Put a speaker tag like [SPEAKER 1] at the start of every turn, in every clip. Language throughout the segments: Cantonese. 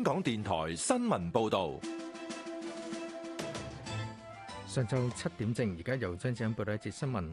[SPEAKER 1] 香港
[SPEAKER 2] 電台新聞報道，上晝七點正，而家由張子欣報道一節新聞。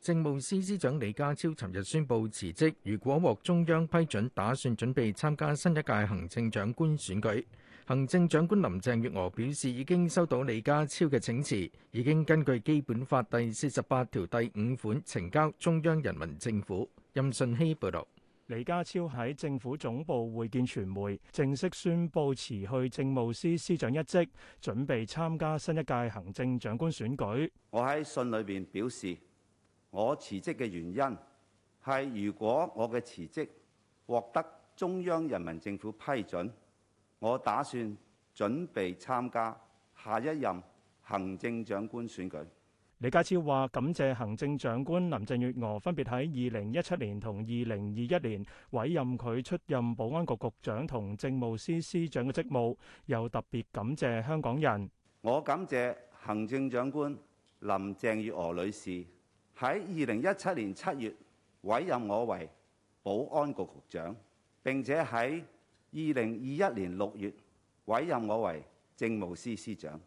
[SPEAKER 2] 政務司司長李家超尋日宣布辭職，如果獲中央批准，打算準備參加新一屆行政長官選舉。行政長官林鄭月娥表示，已經收到李家超嘅請辭，已經根據基本法第四十八條第五款呈交中央人民政府。任信熙報道。李家超喺政府總部會見傳媒，正式宣
[SPEAKER 3] 布辭去政務司司長一職，準備參加新一屆行政長官選舉。
[SPEAKER 1] 我喺信裏邊表示，我辭職嘅原因係，如果我嘅辭職獲得中央人民政府批准，我打算準備參加下一任行政長官選舉。
[SPEAKER 3] 李家超話感謝行政長官林鄭月娥分別喺二零一七年同二零二一年委任佢出任保安局局長同政務司司長嘅職務，又特別感謝香港人。
[SPEAKER 1] 我感謝行政長官林鄭月娥女士喺二零一七年七月委任我為保安局局長，並且喺二零二一年六月委任我為政務司司長。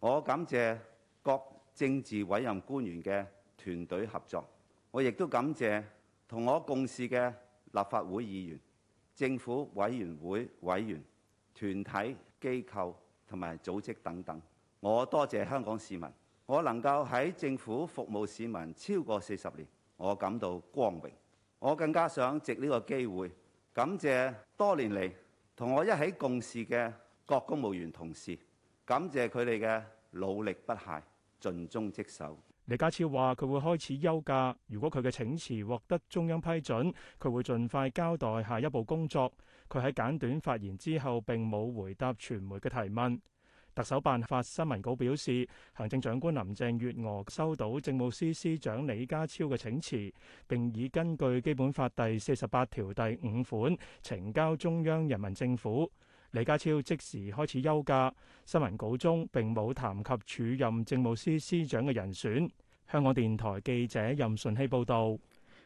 [SPEAKER 1] 我感謝各。政治委任官員嘅團隊合作，我亦都感謝同我共事嘅立法會議員、政府委員會委員、團體、機構同埋組織等等。我多謝香港市民，我能夠喺政府服務市民超過四十年，我感到光榮。我更加想藉呢個機會感謝多年嚟同我一起共事嘅各公務員同事，感謝佢哋嘅努力不懈，盡忠職守。
[SPEAKER 3] 李家超話，佢會開始休假，如果佢嘅請辭獲得中央批准，佢會盡快交代下一步工作。佢喺簡短發言之後並冇回答傳媒嘅提問。特首辦發新聞稿表示，行政長官林鄭月娥收到政務司司長李家超嘅請辭，並已根據《基本法》第四十八條第五款呈交中央人民政府。李家超即時開始休假，新聞稿中並冇談及署任政務司司
[SPEAKER 2] 長嘅人選。香港電台記者任順希報導。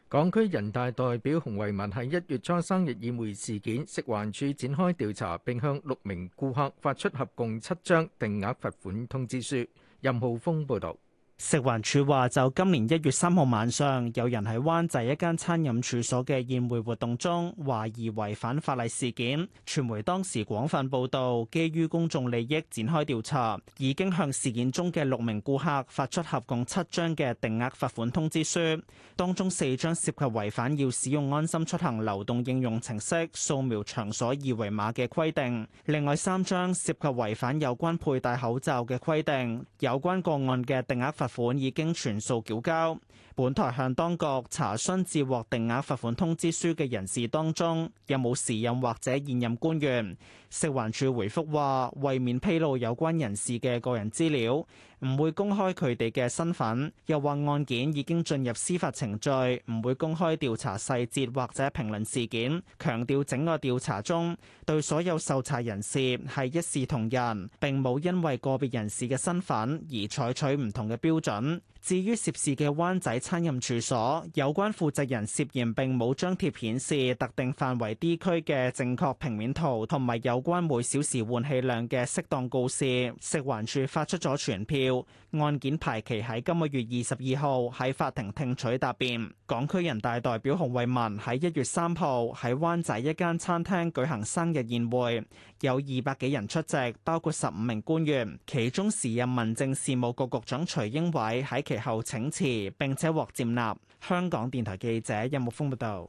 [SPEAKER 2] 港區人大代表洪為民喺一月初生日宴會事件，食環署展開調查，並向六
[SPEAKER 4] 名顧客發出合共七張定額罰款通知書。任浩峯報導。食環署話就今年一月三號晚上有人喺灣仔一間餐飲處所嘅宴會活動中，懷疑違反法例事件，傳媒當時廣泛報道，基於公眾利益展開調查，已經向事件中嘅六名顧客發出合共七張嘅定額罰款通知書，當中四張涉及違反要使用安心出行流動應用程式掃描場所二維碼嘅規定，另外三張涉及違反有關佩戴口罩嘅規定。有關個案嘅定額罰。款已經全數繳交。本台向當局查詢，接獲定額罰款通知書嘅人士當中，有冇時任或者現任官員？食環署回覆話，為免披露有關人士嘅個人資料，唔會公開佢哋嘅身份。又話案件已經進入司法程序，唔會公開調查細節或者評論事件。強調，整個調查中，對所有受查人士係一視同仁，並冇因為個別人士嘅身份而採取唔同嘅標準。至於涉事嘅灣仔餐飲處所，有關負責人涉嫌並冇張貼顯示特定範圍 D 區嘅正確平面圖，同埋有關每小時換氣量嘅適當告示。食環署發出咗傳票，案件排期喺今個月二十二號喺法庭聽取答辯。港區人大代表洪為民喺一月三號喺灣仔一間餐廳舉行生日宴會。有二百幾人出席，包括十五名官員，其中時任民政事務局局長徐英偉喺其後請辭，並且獲接納。香港電台記者任木峰報道。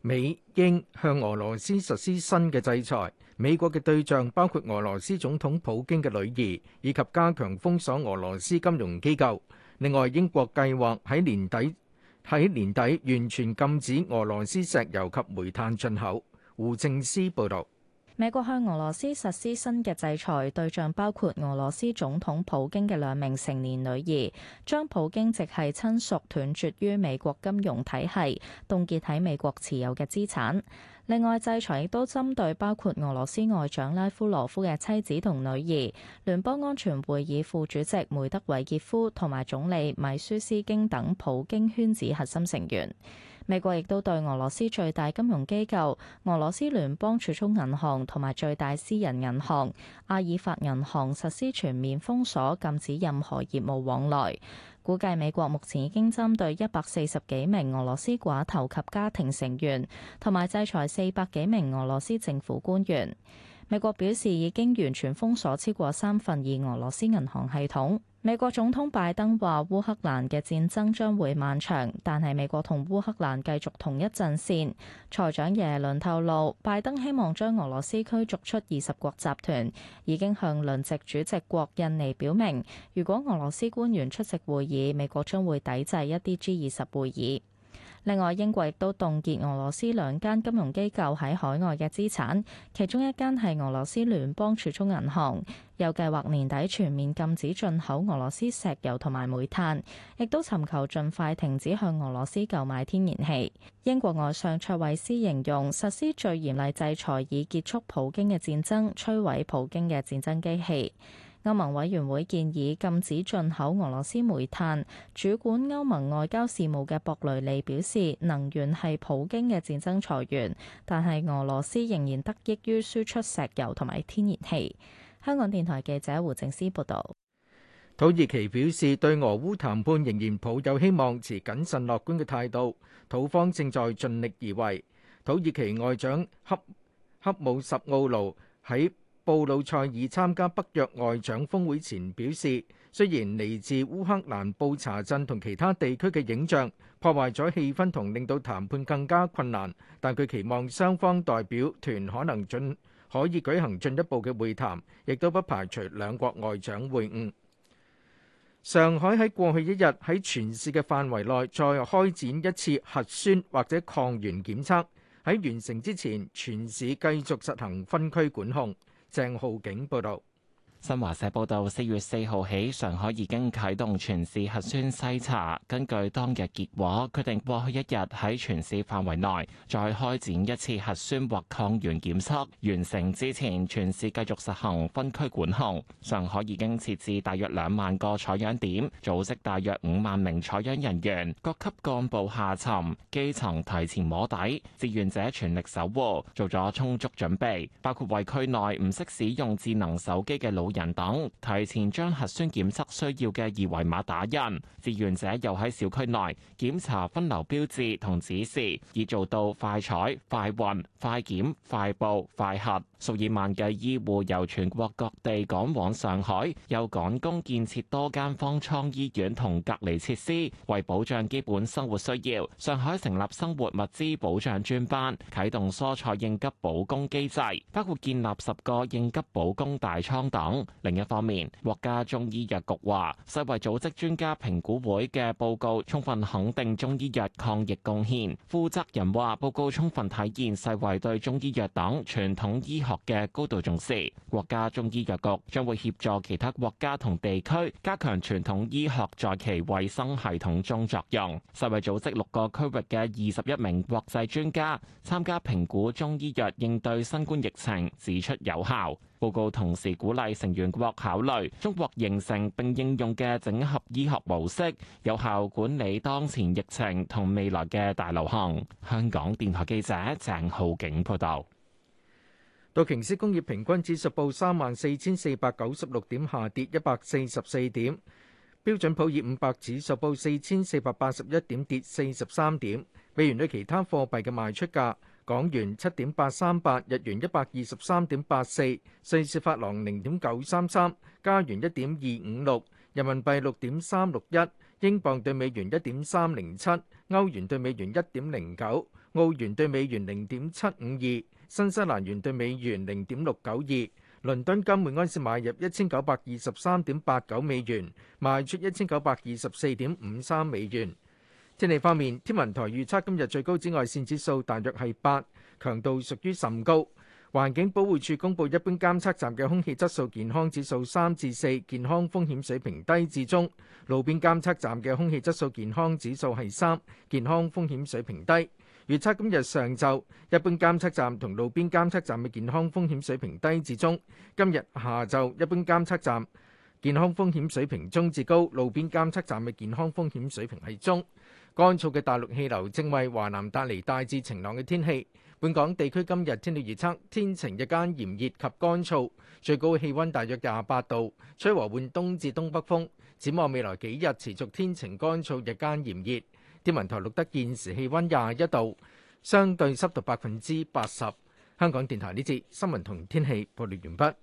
[SPEAKER 4] 美英向俄羅斯實施新嘅制裁，美國嘅
[SPEAKER 2] 對象包括俄羅斯總統普京嘅女兒，以及加強封鎖俄羅斯金融機構。另外，英國計劃喺年底喺年底完全禁止俄羅斯石油及煤炭進口。胡政思報道。
[SPEAKER 5] 美國向俄羅斯實施新嘅制裁，對象包括俄羅斯總統普京嘅兩名成年女兒，將普京直系親屬斷絕於美國金融體系，凍結喺美國持有嘅資產。另外，制裁亦都針對包括俄羅斯外長拉夫羅夫嘅妻子同女兒、聯邦安全會議副主席梅德韋傑夫同埋總理米舒斯京等普京圈子核心成員。美國亦都對俄羅斯最大金融機構俄羅斯聯邦儲蓄銀行同埋最大私人銀行阿爾法銀行實施全面封鎖，禁止任何業務往來。估計美國目前已經針對一百四十幾名俄羅斯寡頭及家庭成員，同埋制裁四百幾名俄羅斯政府官員。美國表示已經完全封鎖超過三分二俄羅斯銀行系統。美國總統拜登話，烏克蘭嘅戰爭將會漫長，但係美國同烏克蘭繼續同一陣線。財長耶倫透露，拜登希望將俄羅斯驅逐出二十國集團，已經向輪值主席國印尼表明，如果俄羅斯官員出席會議，美國將會抵制一啲 G 二十會議。另外，英國亦都凍結俄羅斯兩間金融機構喺海外嘅資產，其中一間係俄羅斯聯邦儲蓄銀行。又計劃年底全面禁止進口俄羅斯石油同埋煤炭，亦都尋求盡快停止向俄羅斯購買天然氣，英國外相卓維斯形容，實施最嚴厲制裁以結束普京嘅戰爭，摧毀普京嘅戰爭機器。歐盟委員會建議禁止進口俄羅斯煤炭。主管歐盟外交事務嘅博雷利表示：能源係普京嘅戰爭財源，但係俄羅斯仍然得益於輸出石油同埋天然氣。香港電台記者胡靜思報導。
[SPEAKER 2] 土耳其表示對俄烏談判仍然抱有希望，持謹慎樂觀嘅態度。土方正在盡力而為。土耳其外長恰恰武什奧盧喺布魯塞爾參加北約外長峰會前表示，雖然嚟自烏克蘭布查鎮同其他地區嘅影像破壞咗氣氛，同令到談判更加困難，但佢期望雙方代表團可能進可以舉行進一步嘅會談，亦都不排除兩國外長會晤。上海喺過去一日喺全市嘅範圍內再開展一次核酸或者抗原檢測，喺完成之前，全市繼續實行分區管控。鄭浩景報道。新華社報道，四月四號起，上海已經啟動
[SPEAKER 6] 全市核酸篩查。根據當日結果，決定過去一日喺全市範圍內再開展一次核酸或抗原檢測。完成之前，全市繼續實行分區管控。上海已經設置大約兩萬個採樣點，組織大約五萬名採樣人員，各級幹部下沉，基層提前摸底，志願者全力守護，做咗充足準備，包括為區內唔識使用智能手機嘅老。人等提前將核酸檢測需要嘅二維碼打印，志願者又喺小區內檢查分流標誌同指示，以做到快採、快運、快檢、快報、快核。數以萬計醫護由全國各地趕往上海，又趕工建設多間方艙醫院同隔離設施。為保障基本生活需要，上海成立生活物資保障專班，啟動蔬菜應急保供機制，包括建立十個應急保供大倉等。另一方面，國家中醫藥局話，世衛組織專家評估會嘅報告充分肯定中醫藥抗疫貢獻。負責人話，報告充分體現世衛對中醫藥等傳統醫學嘅高度重視。國家中醫藥局將會協助其他國家同地區加強傳統醫學在其衛生系統中作用。世衛組織六個區域嘅二十一名國際專家參加評估中醫藥應對新冠疫情，指出有效。報告同時鼓勵成員國考慮中國形成並應用嘅整合醫學模式，有效管理當前疫情同未來嘅大流行。香港電台記者鄭浩景報道。
[SPEAKER 2] 道瓊斯工業平均指數報三萬四千四百九十六點，下跌一百四十四點，標準普爾五百指數報四千四百八十一點，跌四十三點，美元對其他貨幣嘅賣出價。港元七點八三八，日元一百二十三點八四，瑞士法郎零點九三三，加元一點二五六，人民幣六點三六一，英鎊對美元一點三零七，歐元對美元一點零九，澳元對美元零點七五二，新西蘭元對美元零點六九二，倫敦金每安士買入一千九百二十三點八九美元，賣出一千九百二十四點五三美元。天氣方面，天文台預測今日最高紫外線指數大約係八，強度屬於甚高。環境保護署公布一般監測站嘅空氣質素健康指數三至四，健康風險水平低至中。路邊監測站嘅空氣質素健康指數係三，健康風險水平低。預測今日上晝一般監測站同路邊監測站嘅健康風險水平低至中。今日下晝一般監測站健康風險水平中至高，路邊監測站嘅健康風險水平係中。乾燥嘅大陸氣流正為華南帶嚟大致晴朗嘅天氣。本港地區今日天氣預測，天晴，日間炎熱及乾燥，最高氣温大約廿八度，吹和緩東至東北風。展望未來幾日持續天晴乾燥，日間炎熱。天文台錄得現時氣温廿一度，相對濕度百分之八十。香港電台呢節新聞同天氣報告完畢。